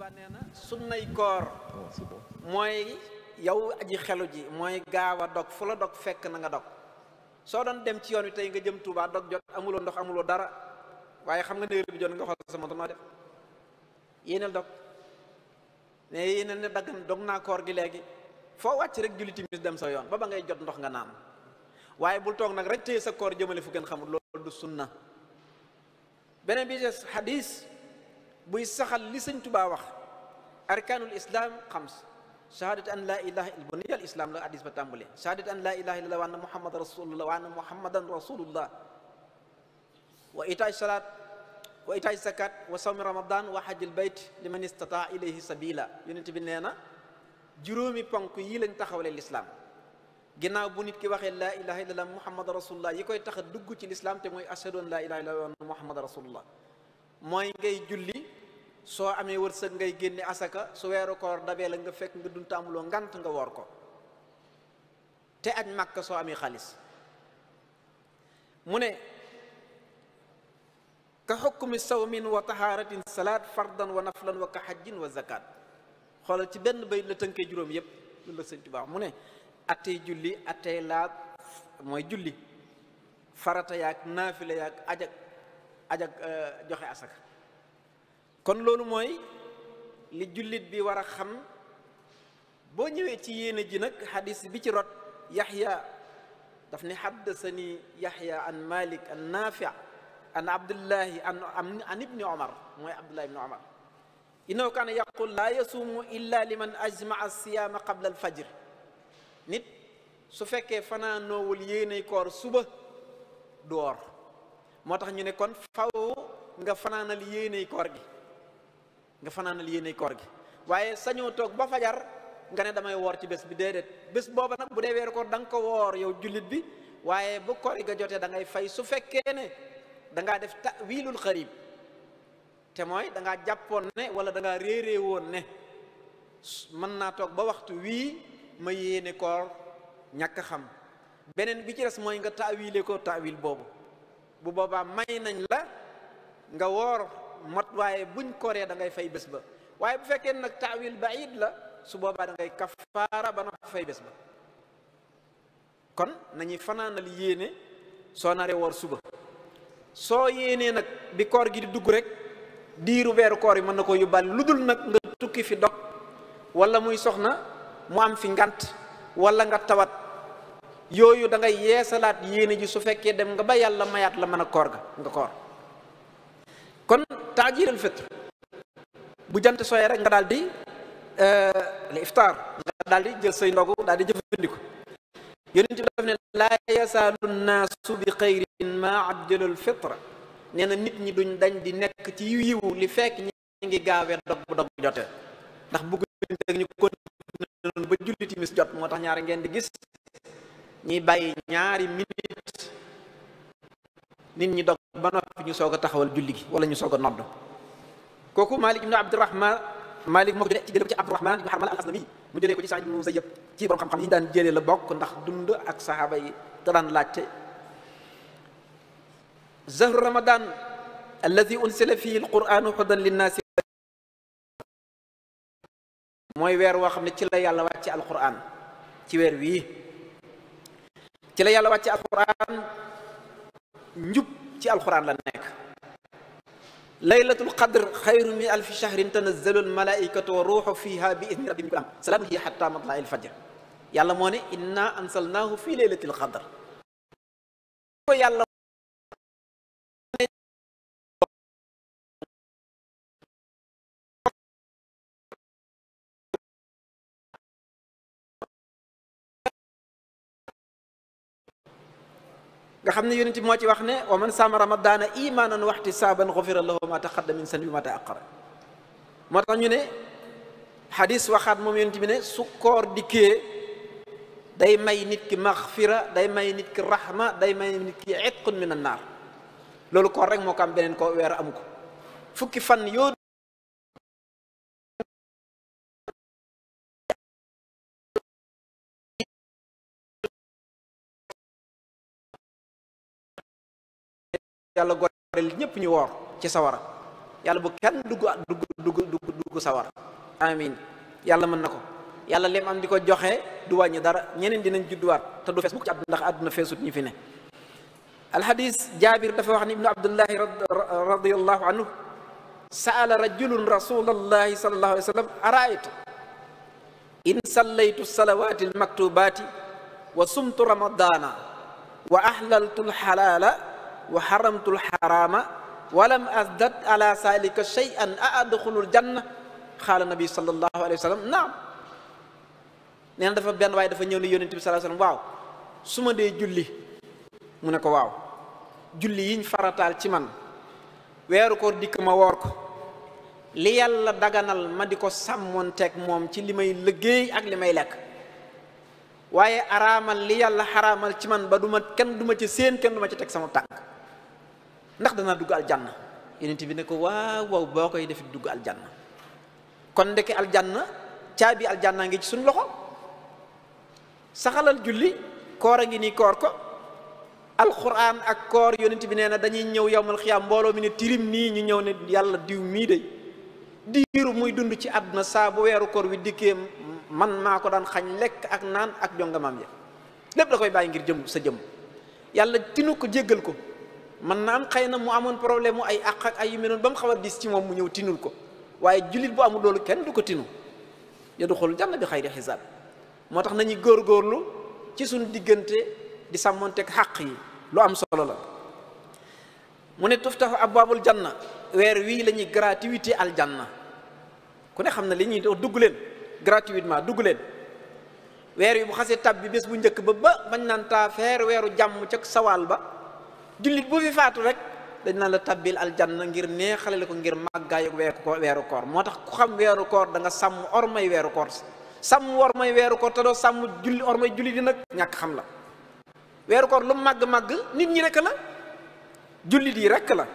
Tuubaa nee na sunnay koor mooy yow aji xelu ji mooy gaaw a dog fu la fekk na nga dog soo doon dem ci yoon wi tey nga jëm Tuubaa dog jot amuloo ndox amuloo dara waaye xam nga ne bi jot nga xool sama noo def yéenal dog ne ne dagg dog naa koor gi léegi foo wàcc rek julli dem sa yoon ba ba ngay jot ndox nga naan waaye bul toog nag rek sa koor jëmale fu gën xamul loolu du sunna beneen bi des xadiis buy saxal li sëñ Tuubaa wax arkaanul islam xams shahadatu an laa ilaha illa buniyya al islam la hadis ba tàmbale shahadatu an laa ilaha illallah wa anna muhammad rasulullah wa anna muhammadan rasulullah wa itaay salaat wa itaay zakat wa sawmi ramadan wa hajjil bayt liman istataa ilayhi sabila yonent bi nee na juróomi ponk yii lañ taxawale lislaam ginnaaw bu nit ki waxee laa ilaha illallah muhammad rasulullah yi koy tax a ci lislaam te mooy ashhadu an laa ilaha illallah wa anna muhammad rasulullah mooy ngay julli soo amee wërsëg ngay génne asaka su weeru koor dabee la nga fekk nga dunta amuloo ngant nga woor ko te aj màkka soo amee xaalis mu ne ka xukmi sawmin wa tahaaratin salaat fardan wa naflan wa ka xajjin wa zakat xoolal ci benn bayit la tënkee juróom yépp loolu la sëñ Tuubaa mu ne attey julli attey laab mooy julli farata yaag naafila yaag ajak ajak euh, joxe asaka kon loolu mooy li jullit bi war a xam boo ñëwee ci yéene ji nag xadis bi ci rot yaxya daf ne xaddasani yaxya an malik an naafi an abdullahi an an ibni omar mooy abdullahi ibni omar innahu kaana yaqul laa yasuumu illa liman ajmaa siyaama qabla alfajr nit su fekkee fanaanoowul yéenay koor suba du moo tax ñu ne kon faw nga fanaanal yéenay koor gi nga fanaanal yéene koor gi waaye sañoo toog ba fajar nga ne damay woor ci bés bi déedéet bés booba nag bu dee weeru koor da ko woor yow jullit bi waaye bu koor nga jotee da ngay fay su fekkee ne da ngaa def ta'wilul xarib te mooy da jàppoon ne wala da ngaa woon ne mën naa toog ba waxtu wii ma yéene koor ñàkk xam beneen bi ci des mooy nga taawile ko taawil boobu bu boobaa may nañ la nga woor mat waaye buñ koree da ngay fay bés ba waaye bu fekkee nag taawil baid la su boobaa da ngay kafaara ba na fay bés ba kon nañuy fanaanal yéene soo naree woor suba soo yéenee nag bi koor gi di dugg rek diiru weeru koor yi mën na ko yóbbaale lu dul nag nga tukki fi dog walla muy soxna mu am fi ngant wala nga tawat yooyu dangay ngay yeesalaat yéene ji su fekkee dem nga ba yàlla mayaat la mën a koor ga nga koor kon taajiral fitr bu jant sooyee rek nga daal di euh, li iftaar nga daal di jël say ndogu daal di jëfandiku yonent bi daf laa yasaalu naasu bi xayrin maa ajjalul fitra nee na nit ñi duñ dañ di nekk ci yiw li fekk ñi ngi gaawee dog bu dog jotee ndax bëgguñ teg ñu continué noonu ba julli timis jot moo tax ñaari ngeen di gis ñi bàyyi ñaari minit nit ñi dog ba noppi ñu soog a taxawal julli gi wala ñu soog a nodd kooku Malik ibn Abdurrahman Malik moo ko jëlee ci jëlee ko ci Abdurrahman ibn Harmal al-Aslami mu jëlee ko ci Sa'id ibn Musayyab ci borom xam-xam yi daan jëlee la bokk ndax dund ak saxaaba yi te daan laajte zahru ramadan alladi unsila fihi alquranu hudan linnaasi mooy weer woo xam ne ci la yàlla wàcce alquran ci weer wii ci la yàlla wàcce alquran njub ci alxuraan la nekk laylatul qadr xayru min alfi shahrin tanazzalu almalaikatu wa ruuxu fiha bi idni rabbihim kulam salaamun hiya xatta matlaa il fajr yàlla moo ne inna ansalnaahu fi laylatil qadr ko yàlla nga xam ne yoon bi moo ci wax ne wa man saama ramadaana imaanan waxti saaban xufira lahu ma taqaddama min sanbi ma taaqara moo tax ñu ne xadis waxaat moom yonent bi ne su koor dikkee day may nit ki maxfira day may nit ki rahma day may nit ki itqun min an naar loolu koor rek moo ko am beneen ko weer amu ko fukki fan yoo yàlla goreel ñëpp ñu woor ci sawara yàlla bu kenn dugg dugg dugg dugg dugg sawara amin yàlla mën na ko yàlla lim am di ko joxe du wàññi dara ñeneen dinañ judduwaat te du fees mukk ci àdduna ndax àdduna feesut ñu fi ne alxadis jaabir dafa wax ni ibnu abdullahi radiallahu anhu saala rajulun rasulallahi salallahu alayhi wa sallam araaytu in sallaytu salawaati almaktubaati wa sumtu ramadaana wa ahlaltu alxalaala wa xaramtul xaraama walam asdad ala salika shay'an a adxulul janna xaala nabi sallallahu naam nee dafa benn waaye dafa ñëw ne yonent bi sallallahu waaw su ma dee julli mu ne ko waaw julli yiñ farataal ci man weeru ko dikk ma woor ko li yàlla daganal ma di ko sàmmoonteeg moom ci li may liggéey ak li may lekk waaye araamal li yàlla xaraamal ci man ba du ma kenn du ma ci séen kenn du ma ci teg sama tànk ndax danaa dugg aljanna yonent bi ne ko waaw waaw boo koy def dugg aljanna kon ndeke aljanna caabi aljanna ngi ci suñu loxo saxalal julli koor a ngi ni koor ko alquran ak koor yonent bi nee na dañuy ñëw yowmal xiyaam mbooloo mi ne tirim nii ñu ñëw ne yàlla diw mii day diiru muy dund ci àdduna saabu weeru koor wi dikkee man maa ko daan xañ lekk ak naan ak jongamam ya lépp da koy bàyyi ngir jëm sa jëm yàlla tinu ko jéggal ko man na am xëy na mu amoon problème mu ay àq ak ay yu mel ba mu xaw a dis ci moom mu ñëw tinul ko waaye jullit bu amul loolu kenn du ko tinu yadxulul janna bi xayri xisaab moo tax góor góorlu ci suñu diggante di teg xàq yi lu am solo la mu ne tuftaxu abwaabul janna weer wii la ñuy gratuité aljanna ku ne xam na li ñuy dox dugg leen gratuitement dugg leen weer yi bu xasee tab bi bés bu njëkk ba ba bañ naan taa feer weeru jàmm ca sawaal ba jullit bu fi faatu rek dañ naan la tabbil aljanna ngir neexale la ko ngir màggaayu weeru koor moo tax ku xam weeru koor danga nga sàmm ormay weeru koor sàmm ormay weeru koor te sàmm julli ormay julli nag ñàkk xam la weeru koor lu màgg-màgg nit ñi rek la jullit yi rek la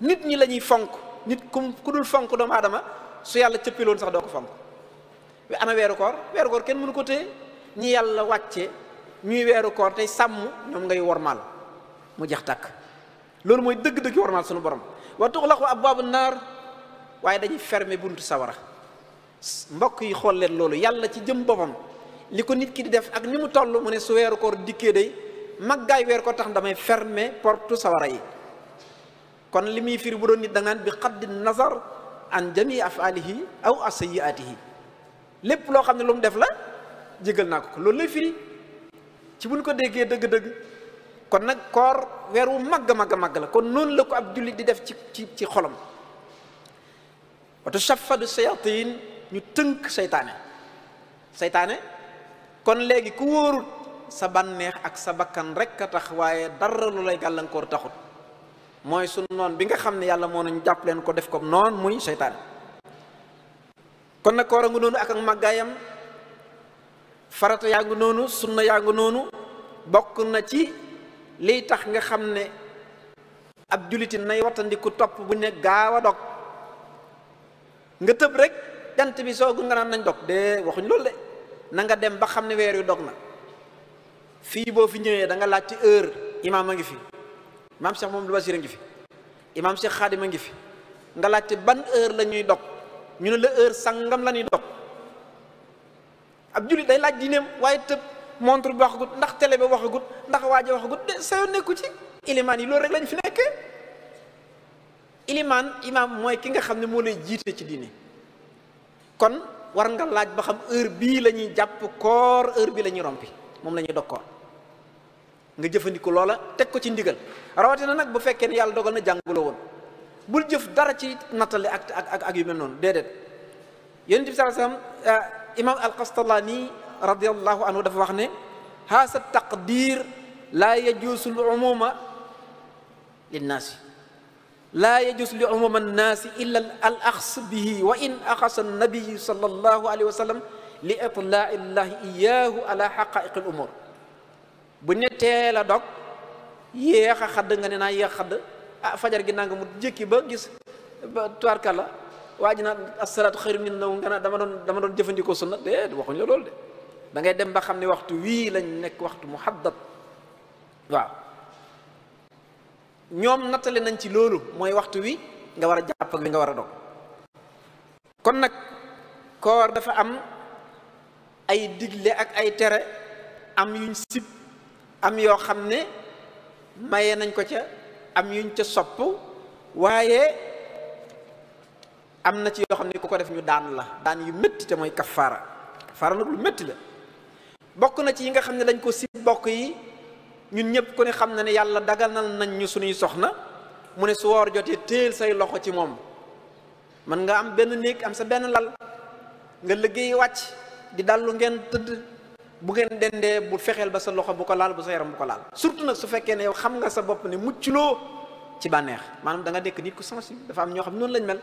nit ñi la fonk nit ku dul fonk doomu aadama su yàlla cëppiloon sax doo ko fonk ana weeru koor kenn mënu ko téye ñi yàlla wàcce ñuy weeru koor tey sàmm ñoom ngay wormaal mu jeex tàkk loolu mooy dëgg-dëgg warmaal sunu borom wa ab abwaabu naar waaye dañuy ferme buntu sawara mbokk yi xool leen loolu yàlla ci jëm boppam li ko nit ki di def ak ni mu toll mu ne su weeru koor dikkee day maggaay weer ko tax damay fermer porte sawara yi kon li muy firi bu doon nit da ngaan bi xaddi nazar an jami afalihi aw asayiatihi lépp loo xam ne lu def la jégal naa ko loolu lay firi ci ko déggee dëgg-dëgg kon nag koor weer wu màgg màgg màgg la kon noonu la ko ab jullit di def ci ci ci xolam watu safadu sayatin ñu tënk seytaane seytaane kon léegi ku wóorut sa bànneex ak sa bakkan rek a tax waaye dara lu lay gàllankoor taxut mooy su noon bi nga xam ne yàlla moo nañu jàpp leen ko def ko noon muy seytaane kon nag koor a ngi noonu ak ak màggaayam farata yaa ngi noonu sunna yaa ngi noonu bokk na ci lii tax nga xam ne ab juliti nay wattandiku topp bu ne gaaw a dog nga tëb rek jant bi soogu nga naan nañ dog de waxuñ loolu de na nga dem ba xam ne weer yu dog na fii boo fi ñëwee danga nga laaj ci heure imaam a ngi fi imaam Cheikh Mamadou Bachir a ngi fi imaam Cheikh Khadim ngi fi nga laaj ban heure la ñuy dog ñu ne la heure sangam la ñuy dog ab julit day laaj diineem waaye tëb montre bi waxagut ndax télé bi waxagut ndax waaja waxagut de sa yoon nekku ci ilimaan yi loolu rek lañ fi nekk ilimaan imaam mooy ki nga xam ne moo lay jiite ci diine kon war nga laaj ba xam heure bii la ñuy jàpp koor heure bii la ñuy rompi moom la ñuy dog koor nga jëfandiku loola teg ko ci ndigal rawatina nag bu fekkee ne yàlla dogal na jànguloo woon bul jëf dara ci nattale ak ak ak yu mel noonu déedéet yonent bi sallallahu alayhi wasallam imaam al-Qastallani radiallahu anhu dafa wax ne haasa taqdir laa yajuusu l umuma linnaasi laa yajuus li umuma annaasi illa al axs bihi wa in axasa annabiyu sallallahu alayhi wa sallam li itlaa'i llahi iyaahu ala xaqaiqi l umur bu ne teel a dog yéex a xadd nga ne naa yéex xadd ah fajar gi nanga mu jékki ba gis ba tuwaarkalla waa ji naan asalaatu xayru min naw nga naa dama doon dama doon jëfandikoo sunna de waxuñ la loolu de dangay dem ba xam ne waxtu wii lañ nekk waxtu muhaddab waaw ñoom nattale nañ ci loolu mooy waxtu wi nga war a jàpp ak li nga war a dog kon nag koor dafa am ay digle ak ay tere am yuñ sib am yoo xam ne maye nañ ko ca am yuñ ca sopp waaye am na ci yoo xam ne ku ko def ñu daan la daan yu métti te mooy kafaara kafaara nag lu métti la bokk na ci yi nga xam ne dañ ko sib bokk yi ñun ñëpp ku ne xam na ne yàlla daganal nañ ñu suñuy soxna mu ne su woor jotee téel say loxo ci moom mën nga am benn néeg am sa benn lal nga liggéey wàcc di dallu ngeen tëdd bu ngeen dendee bu fexeel ba sa loxo bu ko laal bu sa yaram bu ko laal surtout nag su fekkee ne yow xam nga sa bopp ne mucculoo ci bànneex maanaam da nga nekk nit ku sensible dafa am ñoo xam noonu lañ mel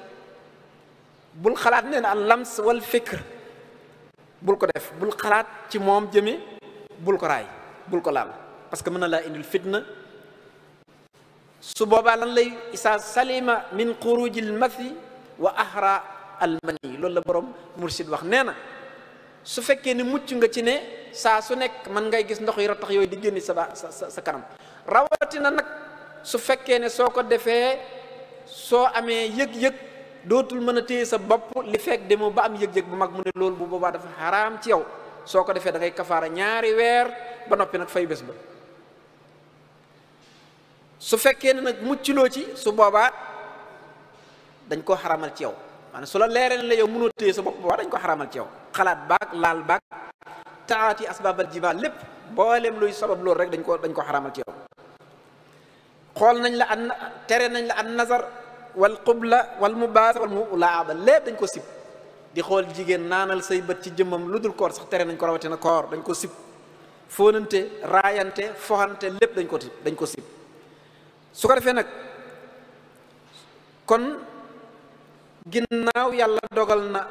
bul xalaat nee na al lams wal fikr bul ko def bul xalaat ci moom jëme bul ko raay bul ko laal parce que mën na laa indil fitna su boobaa lan lay isaa salima min xuruji l mathi wa ahra al mani loolu la borom mursid wax nee na su fekkee ni mucc nga ci ne saa su nekk mën ngay gis ndox yi ratax yooyu di génn sa sa sa kanam rawatina nag su fekkee ne soo ko defee soo amee yëg-yëg dootul mën a téye sa bopp li fekk demoo ba am yëg-yëg bu mag mu ne loolu bu boobaa dafa xaraam ci yaw soo ko defee da ngay kafaara ñaari weer ba noppi nag fay bés ba su fekkee ne nag muccloo ci su boobaa dañ koo xaramal ci yow maanaam su la la yow mënoo téye sa boobaa dañ ko xaramal ci yow xalaat baag laal baag taati asbaabal jibaal lépp booleem luy sabab loolu rek dañ ko dañ ko xaramal ci yow xool nañ la an tere nañ la an nazar wal qubla wal mu mubaasa wal mulaaba lépp dañ ko sib di xool jigéen naanal say bët ci jëmmam lu dul koor sax tere nañ ko rawatina koor dañ ko sib fóonante raayante foxante lépp dañ ko sib dañ ko sib su ko defee nag kon ginnaaw yàlla dogal na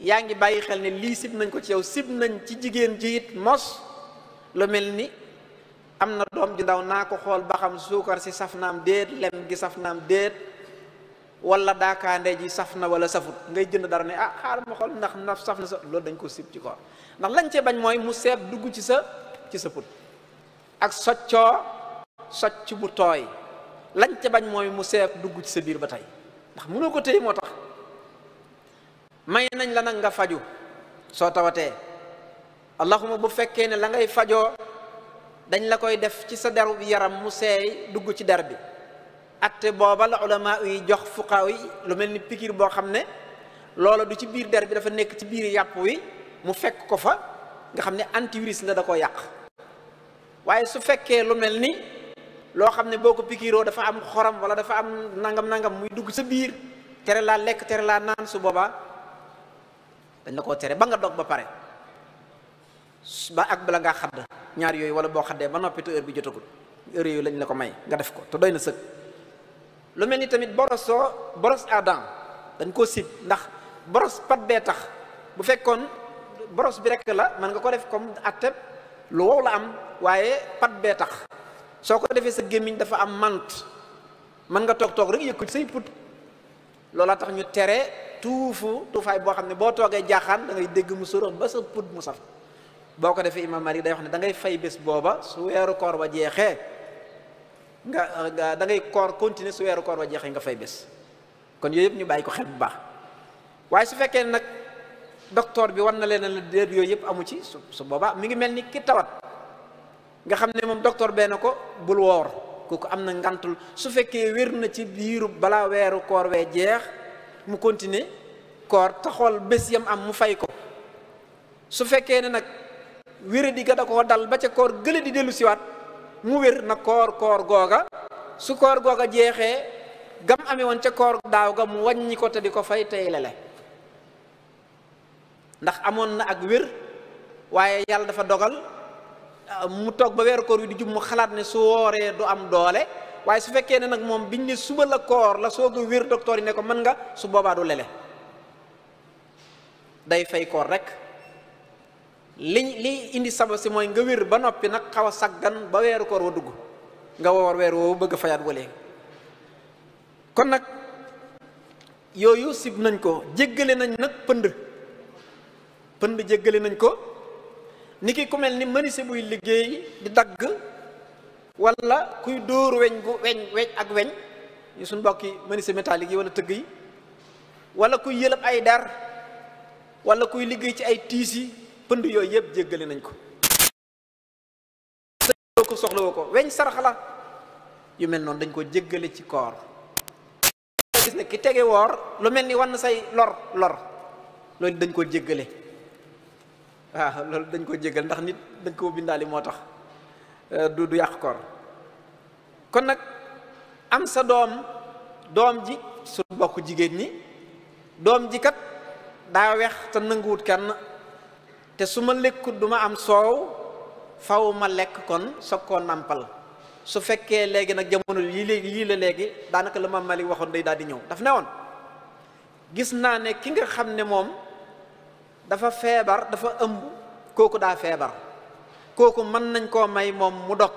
yaa ngi bàyyi xel ne lii sib nañ ko ci yow sib nañ ci jigéen ji it mos la mel ni am na doom ji ndaw naa ko xool ba xam suukar si saf naam déet lem gi saf naa naam déet wala daakaande ji saf na wala safut ngay jënd dara ne ah xaaral ma xool ndax na saf na sa loolu dañ koo sib ci koor ndax lañ cee bañ mooy mu dugg ci sa ci sa ak soccoo socc tooy lañ ca bañ mooy mu seet dugg ci sa biir ba tey ndax mënoo ko téye moo tax may nañ la nag nga faju soo tawatee allahuma bu fekkee ne la ngay fajoo dañ la koy def ci sa bi yaram mu seey dugg ci der bi atte booba la ulama yi jox fuqaaw yi lu mel ni pikiir boo xam ne loola du ci biir der bi dafa nekk ci biir yàpp wi mu fekk ko fa nga xam ne antivirus la da ko yàq waaye su fekkee lu mel ni loo xam ne boo ko pikiiroo dafa am xorom wala dafa am nangam nangam muy dugg sa biir tere laa lekk tere laa naan su boobaa dañ la ko tere ba nga dog ba pare ba ak bala ngaa xadd ñaar yooyu wala boo xaddee ba noppi te bi jotagul heure yooyu lañ ne ko may nga def ko te doy na sëg lu mel ni tamit soo boros adam dañ koo sit ndax boros pat bee tax bu fekkoon boros bi rek la mën nga ko def comme atteb lu wow la am waaye pat bee tax soo ko defee sa gémmiñ dafa am mant mën nga toog toog rek yëkku say put loolaa tax ñu tere tuufu tuufaay boo xam ne boo toogee jaaxaan da ngay dégg mu sóorax ba sa put mu saf boo ko defee imam Malik day wax ne dangay fay bés booba su weeru koor ba jeexee nga da ngay koor continuer su weeru koor ba jeexee nga fay bés kon yooyu yëpp ñu bàyyi ko xel bu baax waaye su fekkee nag docteur bi war na leen la déet yooyu yëpp amu ci su su boobaa mi ngi mel ni ki tawat nga xam ne moom docteur bee na ko bul woor kooku am na ngantul su fekkee wér na ci biiru balaa weeru koor wee jeex mu continuer koor te bés yam am mu fay ko su fekkee wére di ga da ko dal ba ca koor gële di dellu siwaat mu wér na koor koor googa su koor googa jeexee gam amee woon ca koor daaw ga mu wàññi ko te di ko fay tey lele ndax amoon na ak wér waaye yàlla dafa dogal ah, mu toog ba weeru koor wi di jub mu xalaat ne su wooree du am doole waaye su fekkee ne nag moom biñ ne suba la koor la soog a wér docteur yi ne ko mën nga su boobaa du lele day fay koor rek li liy indi sabab si mooy nga wér ba noppi nag xaw a saggan ba weeru koor wa dugg nga woor weer woo bëgg a fayaat kon nag yooyu sib nañ ko jéggale nañ nag pënd pënd jéggale nañ ko ni ki ku mel ni menuisier buy liggéey di dagg wala kuy dóor weñ gu weñ weñ ak weñ ñu suñ mbokki menuisier métallique yi wala tëgg yi walla kuy yëlëb ay dar wala kuy liggéey ci ay tiis yi pënd yooyu yëpp jéggale nañ ko soo ko soxla woo weñ sarax yu mel noonu dañ ko jéggale ci koor gis ne lu mel ni wann say lor lor loolu dañ ko jéggale waaw loolu dañ ko jéggale ndax nit dañ koo bindaali moo tax euh, du du yàq koor kon nag am sa doom doom ji su bokk jigéen ñi doom ji kat daa weex te nanguwut kenn te su ma lekkut duma am soow faw ma lekk kon soog koo nàmpal su fekkee léegi nag jamono lii léegi lii la léegi daanaka la ma Mali waxoon day daal di ñëw daf ne woon gis naa ne ki nga xam ne moom dafa feebar dafa ëmb kooku daa feebar kooku mën nañ koo may moom mu dog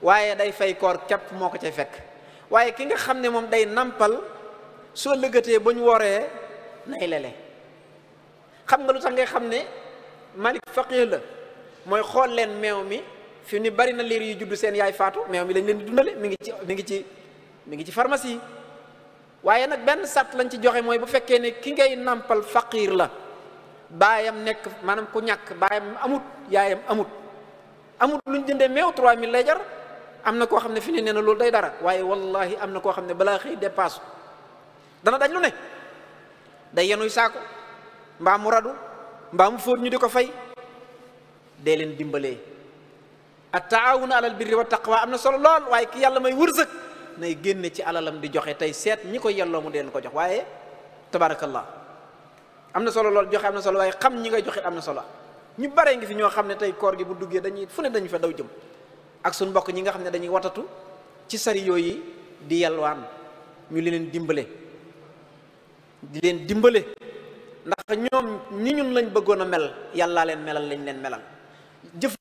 waaye day fay koor képp moo ko cay fekk waaye ki nga xam ne moom day nàmpal soo lëggatee ba ñu woree nay lele xam nga lu tax ngay xam ne Malik faqih la mooy xool leen meew mi fi ni bari na liir yu juddu seen yaay faatu meew mi lañ leen di dundale mu ngi ci mu ngi ci mi ngi ci pharmacie yi waaye nag benn sart lañ ci joxe mooy bu fekkee ne ki ngay nàmpal faqiir la baayam nekk maanaam ku ñàkk baayam amut yaayam amut amut luñ jëndee meew 3000 lay jar am na koo xam ne fi ne nee na loolu day dara waaye wallahi am na koo xam ne balaa xëy dépasse dana dañ lu ne day yenuy saako mbaa mu radu mbaa mu fóot ñu di ko fay dee leen dimbalee a taawun alal birri wa waa am na solo lool waaye kii yàlla may wërsëg nay génne ci alalam di joxe tey seet ñi koy yelloo mu dee leen ko jox waaye tabaarakallah am na solo lool joxe am na solo waaye xam ñi ngay joxe am na solo ñu bare ngi fi ñoo xam ne tey koor gi bu duggee dañuy fu ne dañu fa daw jëm ak suñ mbokk ñi nga xam ne dañuy watatu ci sari yi di yalwaan ñu leen dimbale di leen dimbale ndax ñoom ni ñun lañ bëggoon a mel yàllaa leen melal lañ leen melal jëf